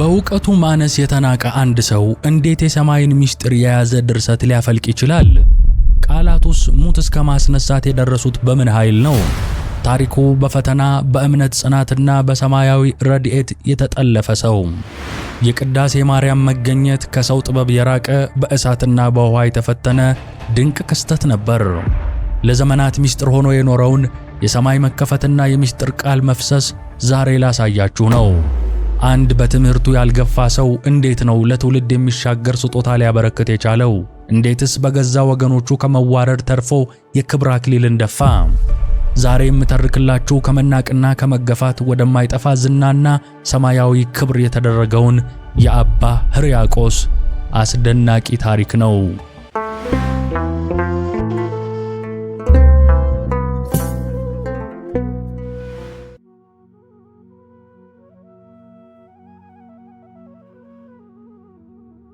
በእውቀቱ ማነስ የተናቀ አንድ ሰው እንዴት የሰማይን ምስጢር የያዘ ድርሰት ሊያፈልቅ ይችላል? ቃላቱስ ሙት እስከ ማስነሳት የደረሱት በምን ኃይል ነው? ታሪኩ በፈተና በእምነት ጽናትና በሰማያዊ ረድኤት የተጠለፈ ሰው። የቅዳሴ ማርያም መገኘት ከሰው ጥበብ የራቀ በእሳትና በውኃ የተፈተነ ድንቅ ክስተት ነበር። ለዘመናት ምስጢር ሆኖ የኖረውን የሰማይ መከፈትና የምስጢር ቃል መፍሰስ ዛሬ ላሳያችሁ ነው። አንድ በትምህርቱ ያልገፋ ሰው እንዴት ነው ለትውልድ የሚሻገር ስጦታ ሊያበረክት የቻለው? እንዴትስ በገዛ ወገኖቹ ከመዋረድ ተርፎ የክብር አክሊልን ደፋ? ዛሬ የምተርክላችሁ ከመናቅና ከመገፋት ወደማይጠፋ ዝናና ሰማያዊ ክብር የተደረገውን የአባ ሕርያቆስ አስደናቂ ታሪክ ነው።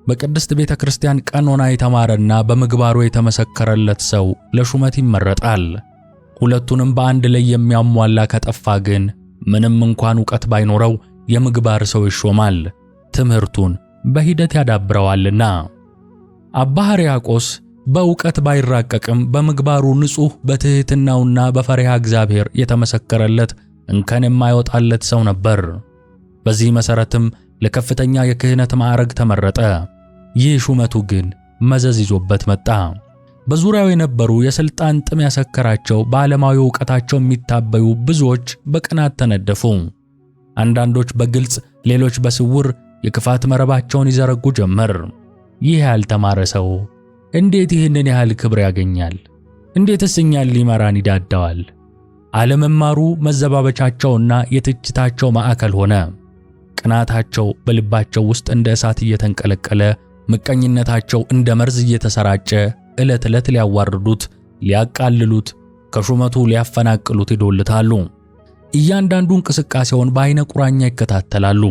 በቅድስት ቤተ ክርስቲያን ቀኖና የተማረና በምግባሩ የተመሰከረለት ሰው ለሹመት ይመረጣል። ሁለቱንም በአንድ ላይ የሚያሟላ ከጠፋ ግን ምንም እንኳን ዕውቀት ባይኖረው የምግባር ሰው ይሾማል፣ ትምህርቱን በሂደት ያዳብረዋልና። አባ ሕርያቆስ በእውቀት ባይራቀቅም በምግባሩ ንጹሕ፣ በትሕትናውና በፈሪሃ እግዚአብሔር የተመሰከረለት እንከን የማይወጣለት ሰው ነበር። በዚህ መሠረትም ለከፍተኛ የክህነት ማዕረግ ተመረጠ። ይህ ሹመቱ ግን መዘዝ ይዞበት መጣ። በዙሪያው የነበሩ የሥልጣን ጥም ያሰከራቸው በዓለማዊ ዕውቀታቸው የሚታበዩ ብዙዎች በቅናት ተነደፉ። አንዳንዶች በግልጽ ሌሎች በስውር የክፋት መረባቸውን ይዘረጉ ጀመር። ይህ ያልተማረ ሰው እንዴት ይህንን ያህል ክብር ያገኛል? እንዴትስ እኛን ሊመራን ይዳዳዋል? አለመማሩ መዘባበቻቸውና የትችታቸው ማዕከል ሆነ። ቅናታቸው በልባቸው ውስጥ እንደ እሳት እየተንቀለቀለ ምቀኝነታቸው እንደ መርዝ እየተሰራጨ ዕለት ዕለት ሊያዋርዱት፣ ሊያቃልሉት፣ ከሹመቱ ሊያፈናቅሉት ይዶልታሉ። እያንዳንዱ እንቅስቃሴውን በዓይነ ቁራኛ ይከታተላሉ።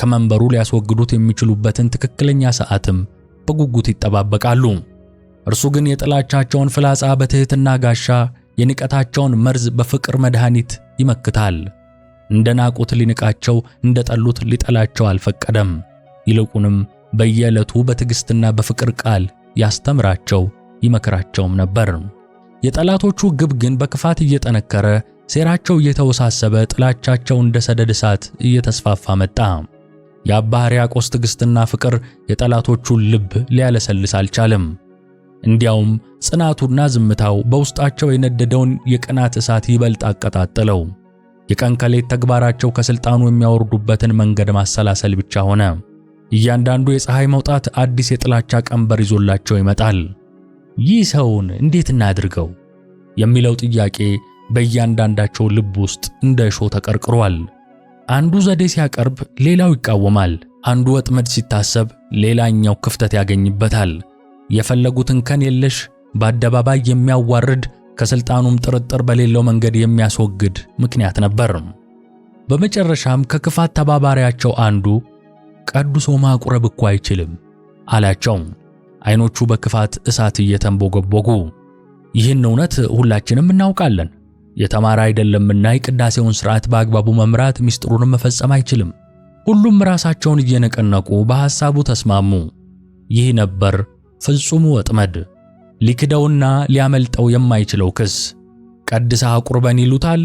ከመንበሩ ሊያስወግዱት የሚችሉበትን ትክክለኛ ሰዓትም በጉጉት ይጠባበቃሉ። እርሱ ግን የጥላቻቸውን ፍላጻ በትሕትና ጋሻ፣ የንቀታቸውን መርዝ በፍቅር መድኃኒት ይመክታል። እንደ ናቁት ሊንቃቸው፣ እንደ ጠሉት ሊጠላቸው አልፈቀደም። ይልቁንም በየዕለቱ በትዕግሥትና በፍቅር ቃል ያስተምራቸው ይመክራቸውም ነበር። የጠላቶቹ ግብ ግን በክፋት እየጠነከረ፣ ሴራቸው እየተወሳሰበ፣ ጥላቻቸው እንደ ሰደድ እሳት እየተስፋፋ መጣ። የአባ ሕርያቆስ ትዕግሥትና ፍቅር የጠላቶቹን ልብ ሊያለሰልስ አልቻለም። እንዲያውም ጽናቱና ዝምታው በውስጣቸው የነደደውን የቅናት እሳት ይበልጥ አቀጣጠለው። የቀን ከሌት ተግባራቸው ከሥልጣኑ የሚያወርዱበትን መንገድ ማሰላሰል ብቻ ሆነ። እያንዳንዱ የፀሐይ መውጣት አዲስ የጥላቻ ቀንበር ይዞላቸው ይመጣል። ይህ ሰውን እንዴት እናድርገው የሚለው ጥያቄ በእያንዳንዳቸው ልብ ውስጥ እንደ እሾህ ተቀርቅሯል። አንዱ ዘዴ ሲያቀርብ ሌላው ይቃወማል። አንዱ ወጥመድ ሲታሰብ ሌላኛው ክፍተት ያገኝበታል። የፈለጉትን ከን የለሽ በአደባባይ የሚያዋርድ ከስልጣኑም ጥርጥር በሌለው መንገድ የሚያስወግድ ምክንያት ነበር። በመጨረሻም ከክፋት ተባባሪያቸው አንዱ ቀድሶ ማቁረብ እኮ አይችልም አላቸው። አይኖቹ በክፋት እሳት እየተንቦገቦጉ ይህን እውነት ሁላችንም እናውቃለን። የተማረ አይደለምና የቅዳሴውን ሥርዓት በአግባቡ መምራት ምስጢሩንም መፈጸም አይችልም። ሁሉም ራሳቸውን እየነቀነቁ በሐሳቡ ተስማሙ። ይህ ነበር ፍጹሙ ወጥመድ፣ ሊክደውና ሊያመልጠው የማይችለው ክስ። ቀድሰህ አቁርበን ይሉታል፣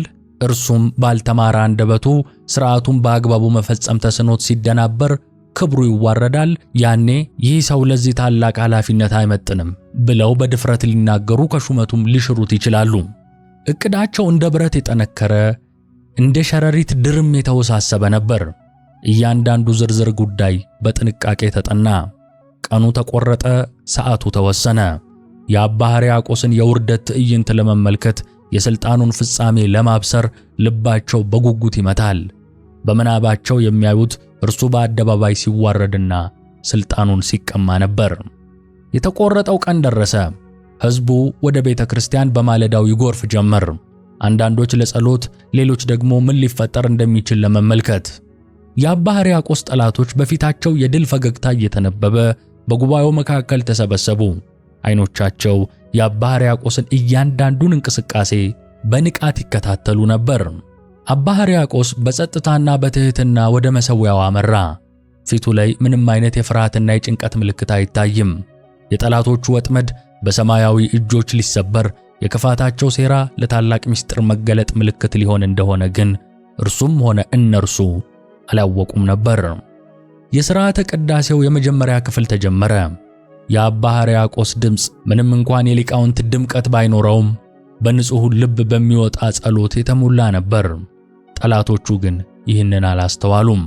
እርሱም ባልተማረ አንደበቱ ሥርዓቱን በአግባቡ መፈጸም ተስኖት ሲደናበር ክብሩ ይዋረዳል። ያኔ ይህ ሰው ለዚህ ታላቅ ኃላፊነት አይመጥንም ብለው በድፍረት ሊናገሩ ከሹመቱም ሊሽሩት ይችላሉ። እቅዳቸው እንደ ብረት የጠነከረ እንደ ሸረሪት ድርም የተወሳሰበ ነበር። እያንዳንዱ ዝርዝር ጉዳይ በጥንቃቄ ተጠና። ቀኑ ተቆረጠ፣ ሰዓቱ ተወሰነ። የአባ ሕርያቆስን የውርደት ትዕይንት ለመመልከት የሥልጣኑን ፍጻሜ ለማብሰር ልባቸው በጉጉት ይመታል። በምናባቸው የሚያዩት እርሱ በአደባባይ ሲዋረድና ሥልጣኑን ሲቀማ ነበር። የተቆረጠው ቀን ደረሰ። ሕዝቡ ወደ ቤተ ክርስቲያን በማለዳው ይጎርፍ ጀመር። አንዳንዶች ለጸሎት፣ ሌሎች ደግሞ ምን ሊፈጠር እንደሚችል ለመመልከት። የአባ ሕርያቆስ ጠላቶች በፊታቸው የድል ፈገግታ እየተነበበ በጉባኤው መካከል ተሰበሰቡ። አይኖቻቸው የአባ ሕርያቆስን እያንዳንዱን እንቅስቃሴ በንቃት ይከታተሉ ነበር። አባ ሕርያቆስ በጸጥታና በትሕትና ወደ መሠዊያው አመራ። ፊቱ ላይ ምንም አይነት የፍርሃትና የጭንቀት ምልክት አይታይም። የጠላቶቹ ወጥመድ በሰማያዊ እጆች ሊሰበር፣ የክፋታቸው ሴራ ለታላቅ ምስጢር መገለጥ ምልክት ሊሆን እንደሆነ ግን እርሱም ሆነ እነርሱ አላወቁም ነበር። የሥርዓተ ቅዳሴው የመጀመሪያ ክፍል ተጀመረ። የአባ ሕርያቆስ ድምፅ ምንም እንኳን የሊቃውንት ድምቀት ባይኖረውም በንጹሕ ልብ በሚወጣ ጸሎት የተሞላ ነበር። ጠላቶቹ ግን ይህንን አላስተዋሉም።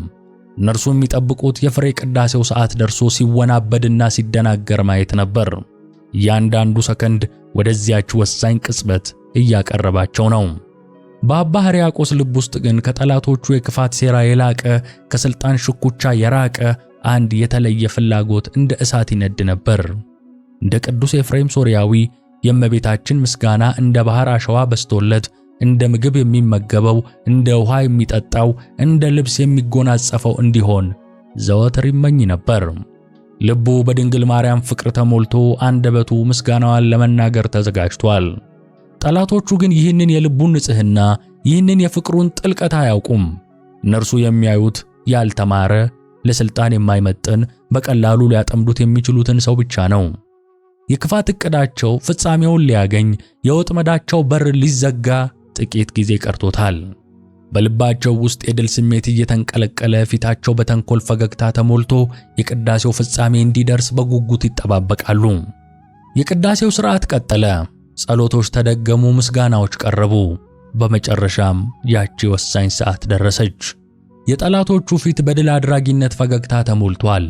እነርሱ የሚጠብቁት የፍሬ ቅዳሴው ሰዓት ደርሶ ሲወናበድና ሲደናገር ማየት ነበር። እያንዳንዱ ሰከንድ ወደዚያች ወሳኝ ቅጽበት እያቀረባቸው ነው። በአባ ሕርያቆስ ልብ ውስጥ ግን ከጠላቶቹ የክፋት ሴራ የላቀ ከሥልጣን ሽኩቻ የራቀ አንድ የተለየ ፍላጎት እንደ እሳት ይነድ ነበር። እንደ ቅዱስ ኤፍሬም ሶርያዊ የእመቤታችን ምስጋና እንደ ባህር አሸዋ በስቶለት እንደ ምግብ የሚመገበው እንደ ውሃ የሚጠጣው እንደ ልብስ የሚጎናጸፈው እንዲሆን ዘወትር ይመኝ ነበር። ልቡ በድንግል ማርያም ፍቅር ተሞልቶ አንደበቱ ምስጋናዋን ለመናገር ተዘጋጅቷል። ጠላቶቹ ግን ይህንን የልቡን ንጽህና ይህንን የፍቅሩን ጥልቀት አያውቁም። እነርሱ የሚያዩት ያልተማረ ለስልጣን የማይመጥን በቀላሉ ሊያጠምዱት የሚችሉትን ሰው ብቻ ነው። የክፋት እቅዳቸው ፍጻሜውን ሊያገኝ የወጥመዳቸው በር ሊዘጋ ጥቂት ጊዜ ቀርቶታል። በልባቸው ውስጥ የድል ስሜት እየተንቀለቀለ ፊታቸው በተንኮል ፈገግታ ተሞልቶ የቅዳሴው ፍጻሜ እንዲደርስ በጉጉት ይጠባበቃሉ። የቅዳሴው ሥርዓት ቀጠለ። ጸሎቶች ተደገሙ፣ ምስጋናዎች ቀረቡ። በመጨረሻም ያቺ ወሳኝ ሰዓት ደረሰች። የጠላቶቹ ፊት በድል አድራጊነት ፈገግታ ተሞልቷል።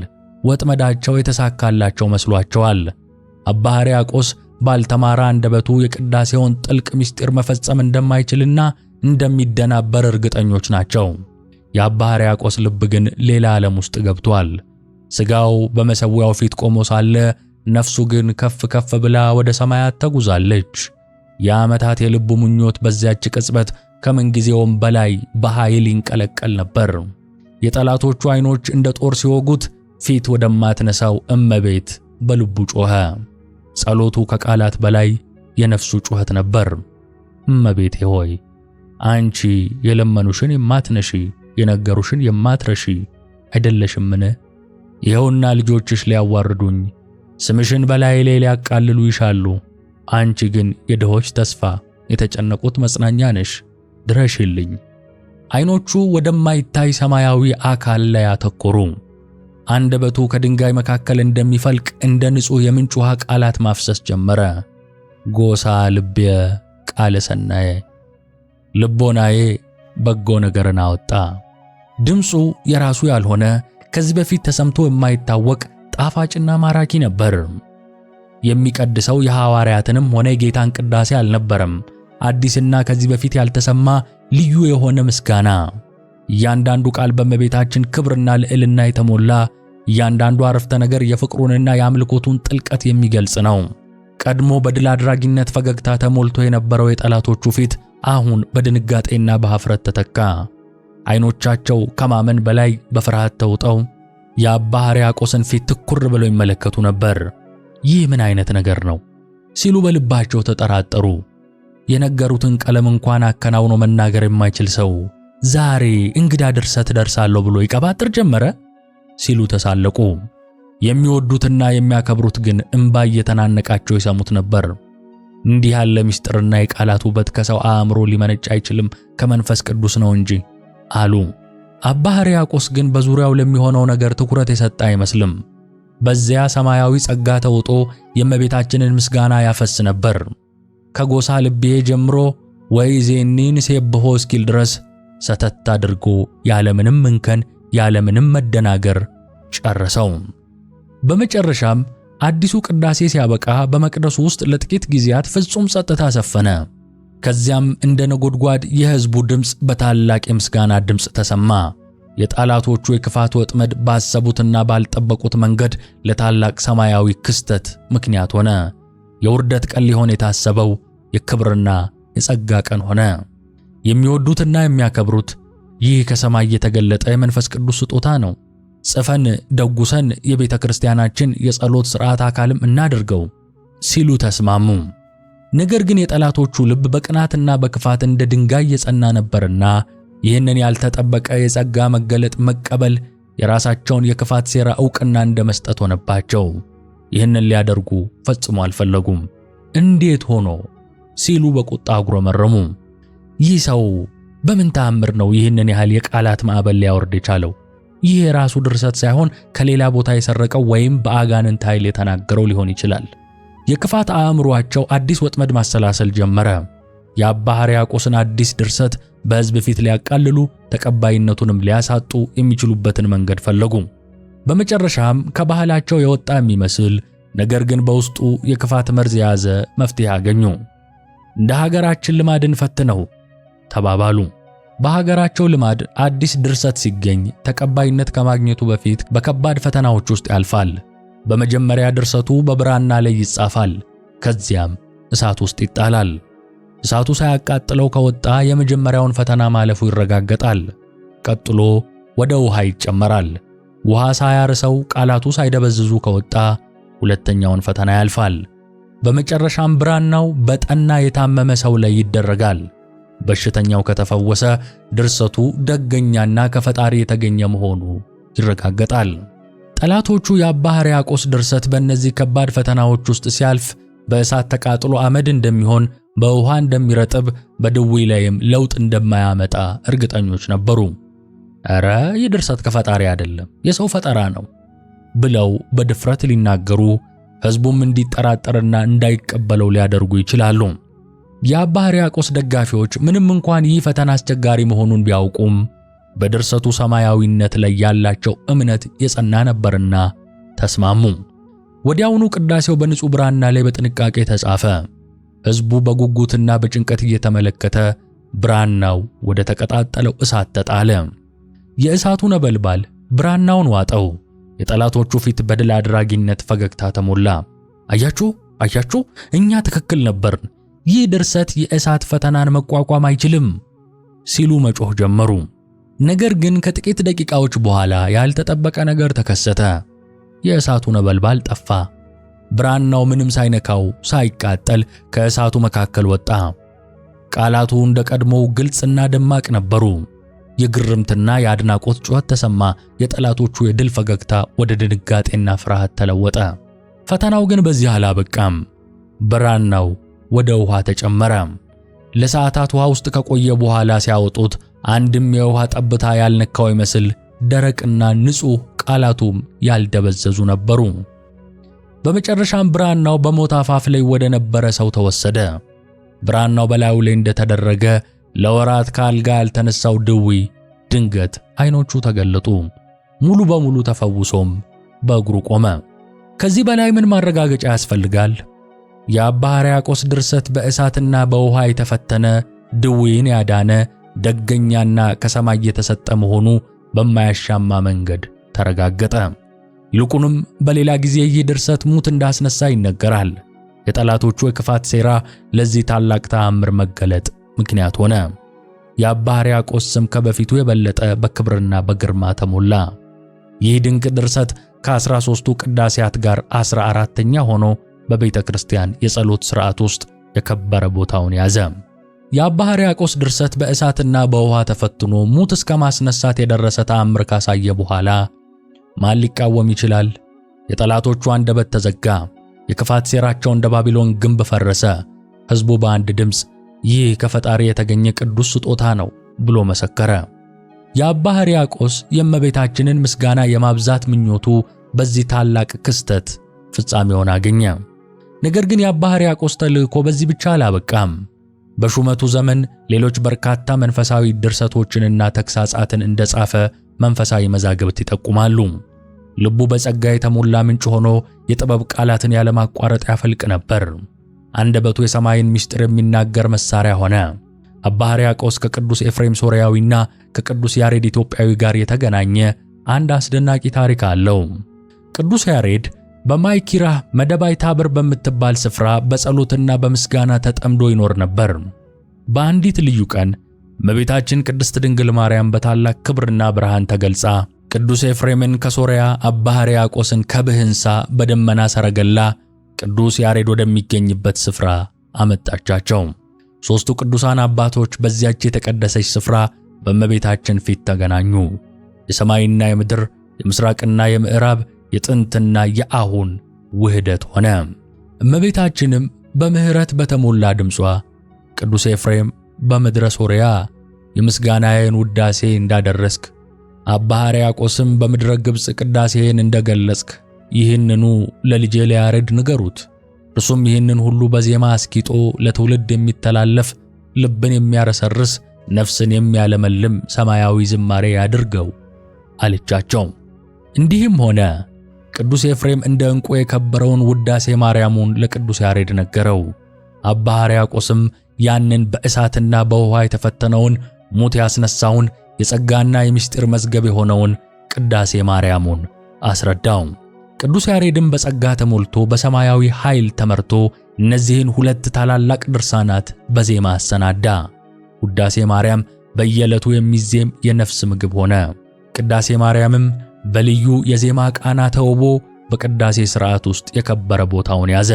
ወጥመዳቸው የተሳካላቸው መስሏቸዋል። አባ ሕርያቆስ ባልተማረ አንደበቱ የቅዳሴውን ጥልቅ ምስጢር መፈጸም እንደማይችልና እንደሚደናበር እርግጠኞች ናቸው። የአባ ሕርያቆስ ልብ ግን ሌላ ዓለም ውስጥ ገብቷል። ሥጋው በመሠዊያው ፊት ቆሞ ሳለ ነፍሱ ግን ከፍ ከፍ ብላ ወደ ሰማያት ተጉዛለች። የዓመታት የልቡ ምኞት በዚያች ቅጽበት ከምንጊዜውም በላይ በኃይል ይንቀለቀል ነበር። የጠላቶቹ ዓይኖች እንደ ጦር ሲወጉት ፊት ወደማትነሳው እመቤት በልቡ ጮኸ። ጸሎቱ ከቃላት በላይ የነፍሱ ጩኸት ነበር። እመቤቴ ሆይ አንቺ የለመኑሽን የማትነሺ የነገሩሽን የማትረሺ አይደለሽምን? ይኸውና ልጆችሽ ሊያዋርዱኝ ስምሽን በላይ ላይ ሊያቃልሉ ይሻሉ። አንቺ ግን የድሆች ተስፋ የተጨነቁት መጽናኛ ነሽ። ድረሽልኝ። አይኖቹ ወደማይታይ ሰማያዊ አካል ላይ አተኮሩ። አንደበቱ ከድንጋይ መካከል እንደሚፈልቅ እንደ ንጹሕ የምንጭ ውሃ ቃላት ማፍሰስ ጀመረ። ጎሳ ልቤ ቃለ ሰናየ፣ ልቦናዬ በጎ ነገርን አወጣ። ድምፁ የራሱ ያልሆነ ከዚህ በፊት ተሰምቶ የማይታወቅ ጣፋጭና ማራኪ ነበር። የሚቀድሰው የሐዋርያትንም ሆነ የጌታን ቅዳሴ አልነበረም። አዲስና ከዚህ በፊት ያልተሰማ ልዩ የሆነ ምስጋና። እያንዳንዱ ቃል በእመቤታችን ክብርና ልዕልና የተሞላ፣ እያንዳንዱ አረፍተ ነገር የፍቅሩንና የአምልኮቱን ጥልቀት የሚገልጽ ነው። ቀድሞ በድል አድራጊነት ፈገግታ ተሞልቶ የነበረው የጠላቶቹ ፊት አሁን በድንጋጤና በሐፍረት ተተካ። ዓይኖቻቸው ከማመን በላይ በፍርሃት ተውጠው የአባ ሕርያቆስን ፊት ትኩር ብለው ይመለከቱ ነበር። ይህ ምን ዓይነት ነገር ነው? ሲሉ በልባቸው ተጠራጠሩ። የነገሩትን ቀለም እንኳን አከናውኖ መናገር የማይችል ሰው ዛሬ እንግዳ ድርሰት ደርሳለሁ ብሎ ይቀባጥር ጀመረ ሲሉ ተሳለቁ። የሚወዱትና የሚያከብሩት ግን እምባ እየተናነቃቸው ይሰሙት ነበር። እንዲህ ያለ ምስጢርና የቃላት ውበት ከሰው አእምሮ ሊመነጭ አይችልም፣ ከመንፈስ ቅዱስ ነው እንጂ አሉ። አባ ሕርያቆስ ግን በዙሪያው ለሚሆነው ነገር ትኩረት የሰጠ አይመስልም። በዚያ ሰማያዊ ጸጋ ተውጦ የእመቤታችንን ምስጋና ያፈስ ነበር። ከጎሳ ልቤ ጀምሮ ወይዜኒን ሴብሖ እስኪል ድረስ ሰተት አድርጎ ያለምንም እንከን ያለምንም መደናገር ጨረሰው። በመጨረሻም አዲሱ ቅዳሴ ሲያበቃ በመቅደሱ ውስጥ ለጥቂት ጊዜያት ፍጹም ጸጥታ ሰፈነ። ከዚያም እንደ ነጎድጓድ የሕዝቡ ድምፅ በታላቅ የምስጋና ድምፅ ተሰማ። የጠላቶቹ የክፋት ወጥመድ ባሰቡትና ባልጠበቁት መንገድ ለታላቅ ሰማያዊ ክስተት ምክንያት ሆነ። የውርደት ቀን ሊሆን የታሰበው የክብርና የጸጋ ቀን ሆነ። የሚወዱትና የሚያከብሩት ይህ ከሰማይ የተገለጠ የመንፈስ ቅዱስ ስጦታ ነው። ጽፈን ደጉሰን የቤተ ክርስቲያናችን የጸሎት ሥርዓት አካልም እናድርገው ሲሉ ተስማሙ። ነገር ግን የጠላቶቹ ልብ በቅናትና በክፋት እንደ ድንጋይ የጸና ነበርና ይህንን ያልተጠበቀ የጸጋ መገለጥ መቀበል የራሳቸውን የክፋት ሴራ ዕውቅና እንደ መስጠት ሆነባቸው። ይህንን ሊያደርጉ ፈጽሞ አልፈለጉም። እንዴት ሆኖ ሲሉ በቁጣ አጉረመረሙ። ይህ ሰው በምን ተአምር ነው ይህንን ያህል የቃላት ማዕበል ሊያወርድ የቻለው? ይህ የራሱ ድርሰት ሳይሆን ከሌላ ቦታ የሰረቀው ወይም በአጋንንት ኃይል የተናገረው ሊሆን ይችላል። የክፋት አእምሯቸው አዲስ ወጥመድ ማሰላሰል ጀመረ። የአባ ሕርያቆስን አዲስ ድርሰት በሕዝብ ፊት ሊያቃልሉ ተቀባይነቱንም ሊያሳጡ የሚችሉበትን መንገድ ፈለጉ። በመጨረሻም ከባህላቸው የወጣ የሚመስል ነገር ግን በውስጡ የክፋት መርዝ የያዘ መፍትሄ አገኙ። እንደ ሀገራችን ልማድን ፈትነው ተባባሉ። በሀገራቸው ልማድ አዲስ ድርሰት ሲገኝ ተቀባይነት ከማግኘቱ በፊት በከባድ ፈተናዎች ውስጥ ያልፋል። በመጀመሪያ ድርሰቱ በብራና ላይ ይጻፋል፣ ከዚያም እሳት ውስጥ ይጣላል። እሳቱ ሳያቃጥለው ከወጣ የመጀመሪያውን ፈተና ማለፉ ይረጋገጣል። ቀጥሎ ወደ ውሃ ይጨመራል። ውሃ ሳያርሰው ቃላቱ ሳይደበዝዙ ከወጣ ሁለተኛውን ፈተና ያልፋል። በመጨረሻም ብራናው በጠና የታመመ ሰው ላይ ይደረጋል። በሽተኛው ከተፈወሰ ድርሰቱ ደገኛና ከፈጣሪ የተገኘ መሆኑ ይረጋገጣል። ጠላቶቹ የአባ ሕርያቆስ ድርሰት በእነዚህ ከባድ ፈተናዎች ውስጥ ሲያልፍ በእሳት ተቃጥሎ አመድ እንደሚሆን፣ በውሃ እንደሚረጥብ፣ በድዌ ላይም ለውጥ እንደማያመጣ እርግጠኞች ነበሩ። እረ ይህ ድርሰት ከፈጣሪ አይደለም፣ የሰው ፈጠራ ነው ብለው በድፍረት ሊናገሩ ሕዝቡም እንዲጠራጠርና እንዳይቀበለው ሊያደርጉ ይችላሉ። የአባ ሕርያቆስ ደጋፊዎች ምንም እንኳን ይህ ፈተና አስቸጋሪ መሆኑን ቢያውቁም በድርሰቱ ሰማያዊነት ላይ ያላቸው እምነት የጸና ነበርና ተስማሙ። ወዲያውኑ ቅዳሴው በንጹሕ ብራና ላይ በጥንቃቄ ተጻፈ። ሕዝቡ በጉጉትና በጭንቀት እየተመለከተ ብራናው ወደ ተቀጣጠለው እሳት ተጣለ። የእሳቱ ነበልባል ብራናውን ዋጠው። የጠላቶቹ ፊት በድል አድራጊነት ፈገግታ ተሞላ። አያችሁ አያችሁ፣ እኛ ትክክል ነበርን፣ ይህ ድርሰት የእሳት ፈተናን መቋቋም አይችልም ሲሉ መጮህ ጀመሩ። ነገር ግን ከጥቂት ደቂቃዎች በኋላ ያልተጠበቀ ነገር ተከሰተ። የእሳቱ ነበልባል ጠፋ። ብራናው ምንም ሳይነካው ሳይቃጠል ከእሳቱ መካከል ወጣ። ቃላቱ እንደ ቀድሞው ግልጽና ደማቅ ነበሩ። የግርምትና የአድናቆት ጩኸት ተሰማ። የጠላቶቹ የድል ፈገግታ ወደ ድንጋጤና ፍርሃት ተለወጠ። ፈተናው ግን በዚህ አላበቃም። ብራናው ወደ ውሃ ተጨመረ። ለሰዓታት ውሃ ውስጥ ከቆየ በኋላ ሲያወጡት አንድም የውሃ ጠብታ ያልነካው ይመስል ደረቅና ንጹሕ፣ ቃላቱም ያልደበዘዙ ነበሩ። በመጨረሻም ብራናው በሞት አፋፍ ላይ ወደ ነበረ ሰው ተወሰደ። ብራናው በላዩ ላይ እንደተደረገ ለወራት ከአልጋ ያልተነሳው ድዊ ድንገት አይኖቹ ተገለጡ። ሙሉ በሙሉ ተፈውሶም በእግሩ ቆመ። ከዚህ በላይ ምን ማረጋገጫ ያስፈልጋል? የአባ ሕርያቆስ ድርሰት በእሳትና በውሃ የተፈተነ ድዊን ያዳነ ደገኛና ከሰማይ የተሰጠ መሆኑ በማያሻማ መንገድ ተረጋገጠ። ይልቁንም በሌላ ጊዜ ይህ ድርሰት ሙት እንዳስነሳ ይነገራል። የጠላቶቹ የክፋት ሴራ ለዚህ ታላቅ ተአምር መገለጥ ምክንያት ሆነ። የአባ ሕርያቆስ ስም ከበፊቱ የበለጠ በክብርና በግርማ ተሞላ። ይህ ድንቅ ድርሰት ከ13ቱ ቅዳሴያት ጋር 14ተኛ ሆኖ በቤተ ክርስቲያን የጸሎት ሥርዓት ውስጥ የከበረ ቦታውን ያዘ። የአባ ሕርያቆስ ድርሰት በእሳትና በውሃ ተፈትኖ ሙት እስከ ማስነሳት የደረሰ ተአምር ካሳየ በኋላ ማን ሊቃወም ይችላል? የጠላቶቹ አንደበት ተዘጋ። የክፋት ሴራቸው እንደ ባቢሎን ግንብ ፈረሰ። ሕዝቡ በአንድ ድምፅ ይህ ከፈጣሪ የተገኘ ቅዱስ ስጦታ ነው ብሎ መሰከረ። የአባ ሕርያቆስ የእመቤታችንን ምስጋና የማብዛት ምኞቱ በዚህ ታላቅ ክስተት ፍጻሜውን አገኘ። ነገር ግን የአባ ሕርያቆስ ተልእኮ በዚህ ብቻ አላበቃም። በሹመቱ ዘመን ሌሎች በርካታ መንፈሳዊ ድርሰቶችንና ተግሳጻትን እንደጻፈ መንፈሳዊ መዛግብት ይጠቁማሉ። ልቡ በጸጋ የተሞላ ምንጭ ሆኖ የጥበብ ቃላትን ያለማቋረጥ ያፈልቅ ነበር። አንደበቱ የሰማይን ምስጢር የሚናገር መሳሪያ ሆነ። አባ ሕርያቆስ ከቅዱስ ኤፍሬም ሶርያዊና ከቅዱስ ያሬድ ኢትዮጵያዊ ጋር የተገናኘ አንድ አስደናቂ ታሪክ አለው። ቅዱስ ያሬድ በማይኪራ መደባይ ታብር በምትባል ስፍራ በጸሎትና በምስጋና ተጠምዶ ይኖር ነበር። በአንዲት ልዩ ቀን እመቤታችን ቅድስት ድንግል ማርያም በታላቅ ክብርና ብርሃን ተገልጻ ቅዱስ ኤፍሬምን ከሶርያ አባ ሕርያቆስን ከብህንሳ በደመና ሰረገላ ቅዱስ ያሬድ ወደሚገኝበት ስፍራ አመጣቻቸው። ሦስቱ ቅዱሳን አባቶች በዚያች የተቀደሰች ስፍራ በእመቤታችን ፊት ተገናኙ። የሰማይና የምድር የምሥራቅና የምዕራብ የጥንትና የአሁን ውህደት ሆነ። እመቤታችንም በምሕረት በተሞላ ድምጿ ቅዱስ ኤፍሬም በምድረ ሶርያ የምስጋናዬን ውዳሴ እንዳደረስክ አባ ሕርያቆስም በምድረ ግብፅ ቅዳሴን እንደገለጽክ ይህንኑ ለልጄ ሊያሬድ ንገሩት። እርሱም ይህንን ሁሉ በዜማ አስጊጦ ለትውልድ የሚተላለፍ ልብን የሚያረሰርስ ነፍስን የሚያለመልም ሰማያዊ ዝማሬ ያድርገው አለቻቸው። እንዲህም ሆነ። ቅዱስ ኤፍሬም እንደ ዕንቁ የከበረውን ውዳሴ ማርያሙን ለቅዱስ ያሬድ ነገረው። አባ ሕርያቆስም ያንን በእሳትና በውኃ የተፈተነውን ሙት ያስነሳውን የጸጋና የምስጢር መዝገብ የሆነውን ቅዳሴ ማርያሙን አስረዳው። ቅዱስ ያሬድም በጸጋ ተሞልቶ በሰማያዊ ኃይል ተመርቶ እነዚህን ሁለት ታላላቅ ድርሳናት በዜማ አሰናዳ። ውዳሴ ማርያም በየዕለቱ የሚዜም የነፍስ ምግብ ሆነ። ቅዳሴ ማርያምም በልዩ የዜማ ቃና ተውቦ በቅዳሴ ሥርዓት ውስጥ የከበረ ቦታውን ያዘ።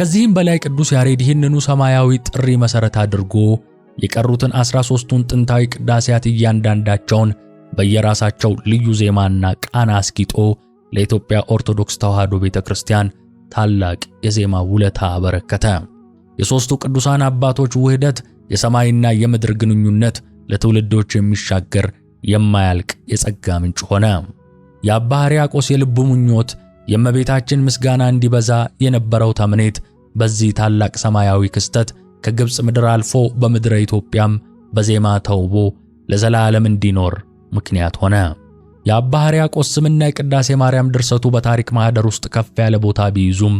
ከዚህም በላይ ቅዱስ ያሬድ ይህንኑ ሰማያዊ ጥሪ መሠረት አድርጎ የቀሩትን ዐሥራ ሦስቱን ጥንታዊ ቅዳሴያት እያንዳንዳቸውን በየራሳቸው ልዩ ዜማና ቃና አስጊጦ ለኢትዮጵያ ኦርቶዶክስ ተዋሕዶ ቤተ ክርስቲያን ታላቅ የዜማ ውለታ አበረከተ። የሦስቱ ቅዱሳን አባቶች ውህደት፣ የሰማይና የምድር ግንኙነት ለትውልዶች የሚሻገር የማያልቅ የጸጋ ምንጭ ሆነ። የአባ ሕርያቆስ የልቡ ምኞት የእመቤታችን ምስጋና እንዲበዛ የነበረው ተምኔት በዚህ ታላቅ ሰማያዊ ክስተት ከግብፅ ምድር አልፎ በምድረ ኢትዮጵያም በዜማ ተውቦ ለዘላለም እንዲኖር ምክንያት ሆነ። የአባ ሕርያቆስ ስምና የቅዳሴ ማርያም ድርሰቱ በታሪክ ማኅደር ውስጥ ከፍ ያለ ቦታ ቢይዙም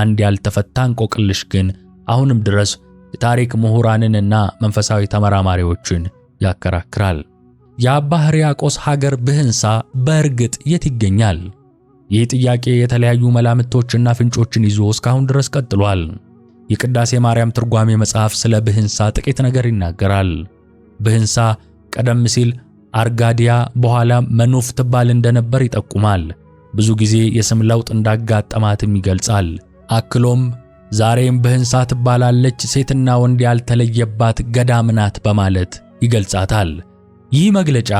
አንድ ያልተፈታ እንቆቅልሽ ግን አሁንም ድረስ የታሪክ ምሁራንንና መንፈሳዊ ተመራማሪዎችን ያከራክራል። የአባ ሕርያቆስ ሀገር ብህንሳ በእርግጥ የት ይገኛል? ይህ ጥያቄ የተለያዩ መላምቶችና ፍንጮችን ይዞ እስካሁን ድረስ ቀጥሏል። የቅዳሴ ማርያም ትርጓሜ መጽሐፍ ስለ ብህንሳ ጥቂት ነገር ይናገራል። ብህንሳ ቀደም ሲል አርጋዲያ በኋላ መኖፍ ትባል እንደነበር ይጠቁማል። ብዙ ጊዜ የስም ለውጥ እንዳጋጠማትም ይገልጻል። አክሎም ዛሬም ብህንሳ ትባላለች፣ ሴትና ወንድ ያልተለየባት ገዳም ናት በማለት ይገልጻታል። ይህ መግለጫ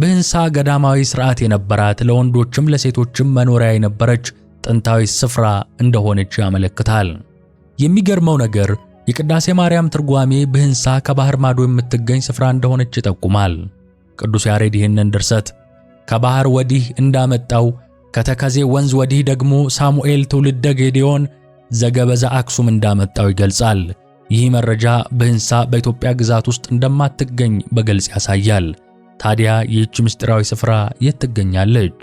ብህንሳ ገዳማዊ ሥርዓት የነበራት ለወንዶችም ለሴቶችም መኖሪያ የነበረች ጥንታዊ ስፍራ እንደሆነች ያመለክታል። የሚገርመው ነገር የቅዳሴ ማርያም ትርጓሜ ብህንሳ ከባህር ማዶ የምትገኝ ስፍራ እንደሆነች ይጠቁማል። ቅዱስ ያሬድ ይህንን ድርሰት ከባህር ወዲህ እንዳመጣው ከተከዜ ወንዝ ወዲህ ደግሞ ሳሙኤል ትውልደ ጌዴዎን ዘገበዛ አክሱም እንዳመጣው ይገልጻል። ይህ መረጃ በህንሳ በኢትዮጵያ ግዛት ውስጥ እንደማትገኝ በግልጽ ያሳያል። ታዲያ ይህች ምስጢራዊ ስፍራ የት ትገኛለች?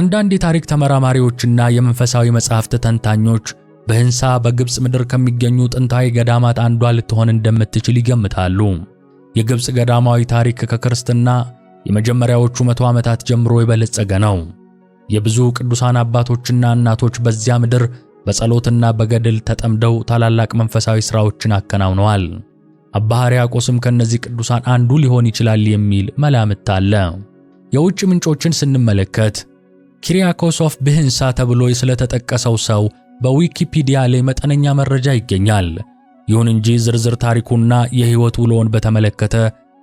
አንዳንድ የታሪክ ተመራማሪዎችና የመንፈሳዊ መጻሕፍት ተንታኞች በህንሳ በግብፅ ምድር ከሚገኙ ጥንታዊ ገዳማት አንዷ ልትሆን እንደምትችል ይገምታሉ። የግብፅ ገዳማዊ ታሪክ ከክርስትና የመጀመሪያዎቹ መቶ ዓመታት ጀምሮ የበለጸገ ነው። የብዙ ቅዱሳን አባቶችና እናቶች በዚያ ምድር በጸሎትና በገድል ተጠምደው ታላላቅ መንፈሳዊ ሥራዎችን አከናውነዋል። አባ ሕርያቆስም ከነዚህ ቅዱሳን አንዱ ሊሆን ይችላል የሚል መላምት አለ። የውጭ ምንጮችን ስንመለከት ኪሪያኮስ ኦፍ ብህንሳ ተብሎ ስለተጠቀሰው ሰው በዊኪፒዲያ ላይ መጠነኛ መረጃ ይገኛል። ይሁን እንጂ ዝርዝር ታሪኩና የህይወት ውሎውን በተመለከተ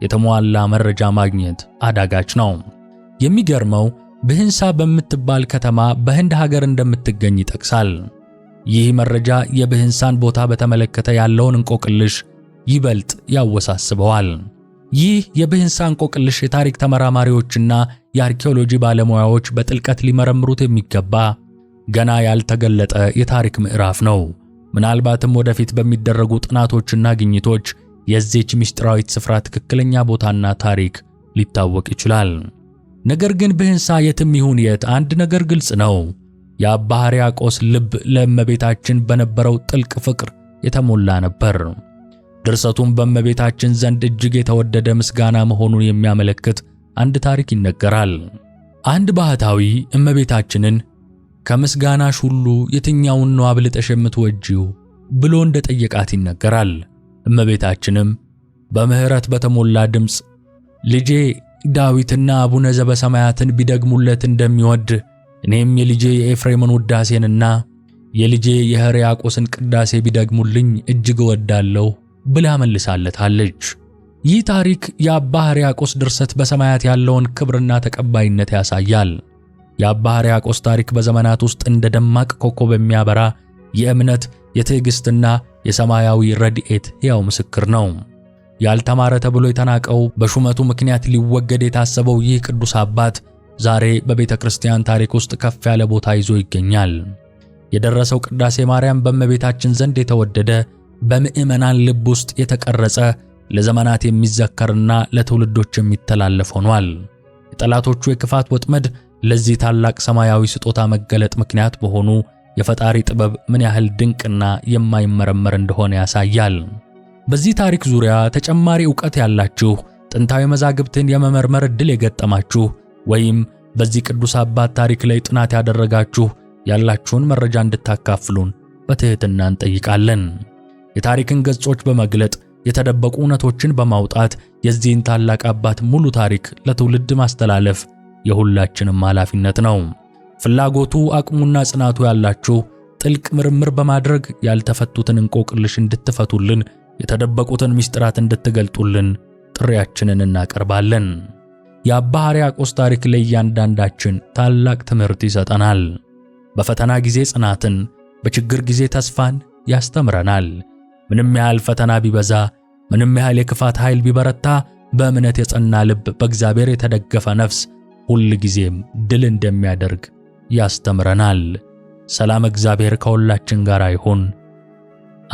የተሟላ መረጃ ማግኘት አዳጋች ነው። የሚገርመው ብህንሳ በምትባል ከተማ በህንድ ሀገር እንደምትገኝ ይጠቅሳል። ይህ መረጃ የብህንሳን ቦታ በተመለከተ ያለውን እንቆቅልሽ ይበልጥ ያወሳስበዋል። ይህ የብህንሳ እንቆቅልሽ የታሪክ ተመራማሪዎችና የአርኪኦሎጂ ባለሙያዎች በጥልቀት ሊመረምሩት የሚገባ ገና ያልተገለጠ የታሪክ ምዕራፍ ነው። ምናልባትም ወደፊት በሚደረጉ ጥናቶችና ግኝቶች የዚህች ምስጢራዊት ስፍራ ትክክለኛ ቦታና ታሪክ ሊታወቅ ይችላል። ነገር ግን ብህንሳ የትም ይሁን የት አንድ ነገር ግልጽ ነው። የአባ ሕርያቆስ ልብ ለእመቤታችን በነበረው ጥልቅ ፍቅር የተሞላ ነበር። ድርሰቱም በእመቤታችን ዘንድ እጅግ የተወደደ ምስጋና መሆኑን የሚያመለክት አንድ ታሪክ ይነገራል። አንድ ባህታዊ እመቤታችንን ከምስጋናሽ ሁሉ የትኛውን ነው አብልጠሽ የምትወጂው ብሎ እንደ ጠየቃት ይነገራል። እመቤታችንም በምሕረት በተሞላ ድምፅ ልጄ ዳዊትና አቡነ ዘበሰማያትን ቢደግሙለት እንደሚወድ እኔም የልጄ የኤፍሬምን ውዳሴንና የልጄ የሕርያቆስን ቅዳሴ ቢደግሙልኝ እጅግ እወዳለሁ ብላ መልሳለታለች። ይህ ታሪክ የአባ ሕርያቆስ ድርሰት በሰማያት ያለውን ክብርና ተቀባይነት ያሳያል። የአባ ሕርያቆስ ታሪክ በዘመናት ውስጥ እንደ ደማቅ ኮከብ የሚያበራ የእምነት የትዕግሥትና የሰማያዊ ረድኤት ሕያው ምስክር ነው። ያልተማረ ተብሎ የተናቀው በሹመቱ ምክንያት ሊወገድ የታሰበው ይህ ቅዱስ አባት ዛሬ በቤተ ክርስቲያን ታሪክ ውስጥ ከፍ ያለ ቦታ ይዞ ይገኛል። የደረሰው ቅዳሴ ማርያም በእመቤታችን ዘንድ የተወደደ በምዕመናን ልብ ውስጥ የተቀረጸ ለዘመናት የሚዘከርና ለትውልዶች የሚተላለፍ ሆኗል። የጠላቶቹ የክፋት ወጥመድ ለዚህ ታላቅ ሰማያዊ ስጦታ መገለጥ ምክንያት በሆኑ የፈጣሪ ጥበብ ምን ያህል ድንቅና የማይመረመር እንደሆነ ያሳያል። በዚህ ታሪክ ዙሪያ ተጨማሪ ዕውቀት ያላችሁ፣ ጥንታዊ መዛግብትን የመመርመር ዕድል የገጠማችሁ ወይም በዚህ ቅዱስ አባት ታሪክ ላይ ጥናት ያደረጋችሁ ያላችሁን መረጃ እንድታካፍሉን በትህትና እንጠይቃለን። የታሪክን ገጾች በመግለጥ የተደበቁ እውነቶችን በማውጣት የዚህን ታላቅ አባት ሙሉ ታሪክ ለትውልድ ማስተላለፍ የሁላችንም ኃላፊነት ነው። ፍላጎቱ አቅሙና ጽናቱ ያላችሁ ጥልቅ ምርምር በማድረግ ያልተፈቱትን እንቆቅልሽ እንድትፈቱልን፣ የተደበቁትን ምስጢራት እንድትገልጡልን ጥሪያችንን እናቀርባለን። የአባ ሕርያቆስ ታሪክ ለእያንዳንዳችን ታላቅ ትምህርት ይሰጠናል። በፈተና ጊዜ ጽናትን፣ በችግር ጊዜ ተስፋን ያስተምረናል። ምንም ያህል ፈተና ቢበዛ፣ ምንም ያህል የክፋት ኃይል ቢበረታ፣ በእምነት የጸና ልብ፣ በእግዚአብሔር የተደገፈ ነፍስ ሁልጊዜም ድል እንደሚያደርግ ያስተምረናል። ሰላም እግዚአብሔር ከሁላችን ጋር ይሁን።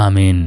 አሜን።